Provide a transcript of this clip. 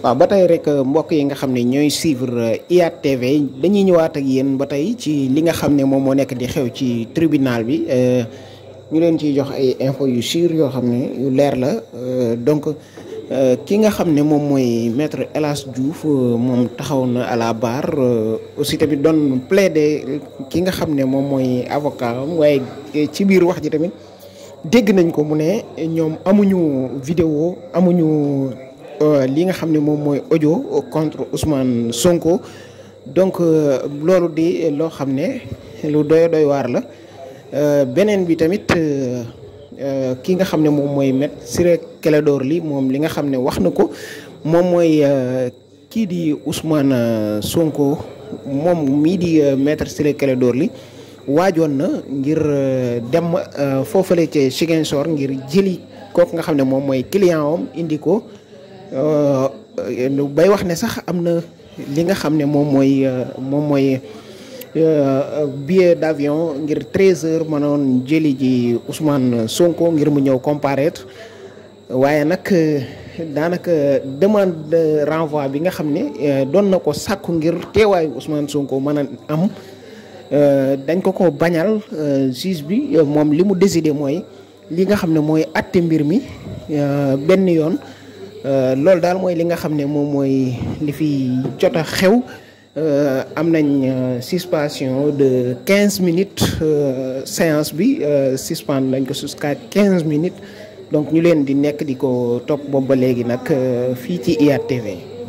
waaw ba tey rek euh, mbokk yi nga xam ne ñooy suivre euh, IYAT TV dañuy ñëwaat ak yéen ba tey ci li nga xam ne moom moo nekk di xew ci tribunal bi euh, ñu leen ciy jox ay info yu sûr yoo xam ne yu leer la donc ki nga xam ne moom mooy maître El Hadj moom taxaw na à la barre aussi tamit doon plaider ki nga xam ne moom mooy avocat waaye ci biir wax ji tamit dégg nañ ko mu ne ñoom amuñu vidéo amuñu. Euh, li nga xam ne moom mooy ojo contre Ousmane Sonko donc euh, loolu di loo xam ne lu doy doy waar la euh, beneen bi tamit ki nga xam ne moom mooy Me Ciré Clédor li moom li nga xam ne wax na ko moom mooy kii di Ousmane Sonko moom mii di Me Ciré Clédor li waajoon na ngir dem foofu foofale ca Ziguinchor ngir jëli kooku nga xam ne moom mooy client am indi ko. Euh, bay wax ne sax am na li nga xam ne moom mooy euh, moom mooy euh, billet d'avion ngir 13 heures mënoon jëli ji Ousmane Sonko ngir mu ñëw comparaître waaye nag daanaka demande de bi nga xam ne doon na ko sàkku ngir teewaayu Ousmane Sonko mën a am dañ ko ko bañal juge bi moom li mu décidé mooy li nga xam ne mooy àtte mbir mi benn yoon. Euh, loolu daal mooy li nga xam ne moom mooy li fi jot a xew euh, am nañ euh, suspension de quinze minutes séance bi suspendre lañ ko jusqu'à quinze minutes donc ñu leen di nekk di ko topp bob ba léegi nag fii ci IYAT